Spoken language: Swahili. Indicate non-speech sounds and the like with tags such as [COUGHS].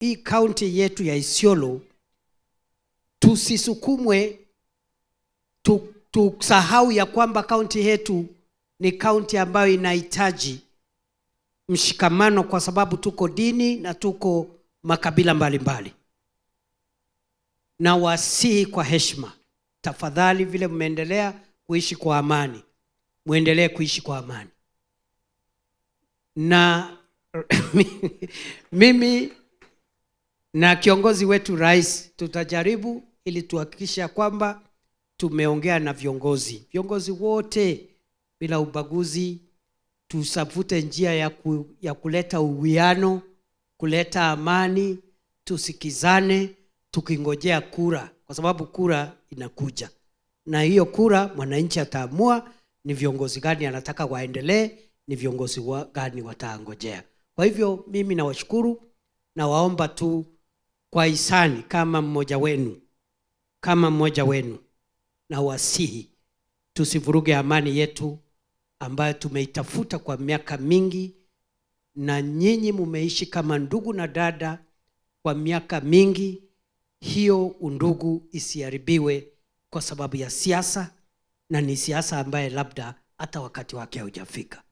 hii kaunti yetu ya Isiolo tusisukumwe tusahau ya kwamba kaunti yetu ni kaunti ambayo inahitaji mshikamano kwa sababu tuko dini na tuko makabila mbalimbali mbali. Na wasihi kwa heshima, tafadhali, vile mmeendelea kuishi kwa amani, muendelee kuishi kwa amani na [COUGHS] mimi na kiongozi wetu rais, tutajaribu ili tuhakikisha kwamba tumeongea na viongozi viongozi wote bila ubaguzi, tusavute njia ya, ku, ya kuleta uwiano, kuleta amani, tusikizane tukingojea kura, kwa sababu kura inakuja, na hiyo kura mwananchi ataamua ni viongozi gani anataka waendelee, ni viongozi wa gani wataangojea. Kwa hivyo mimi nawashukuru nawaomba tu kwa hisani kama mmoja wenu, kama mmoja wenu, na wasihi tusivuruge amani yetu ambayo tumeitafuta kwa miaka mingi, na nyinyi mumeishi kama ndugu na dada kwa miaka mingi. Hiyo undugu isiharibiwe kwa sababu ya siasa, na ni siasa ambaye labda hata wakati wake haujafika.